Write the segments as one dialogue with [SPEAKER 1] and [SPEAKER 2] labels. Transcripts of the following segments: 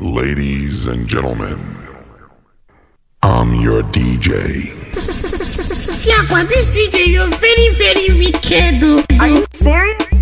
[SPEAKER 1] Ladies and gentlemen, I'm your DJ. Fiacqua, this DJ, you're very, very wicked. Are you serious?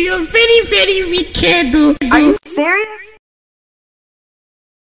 [SPEAKER 1] Eu very, very wicked. Are you serious?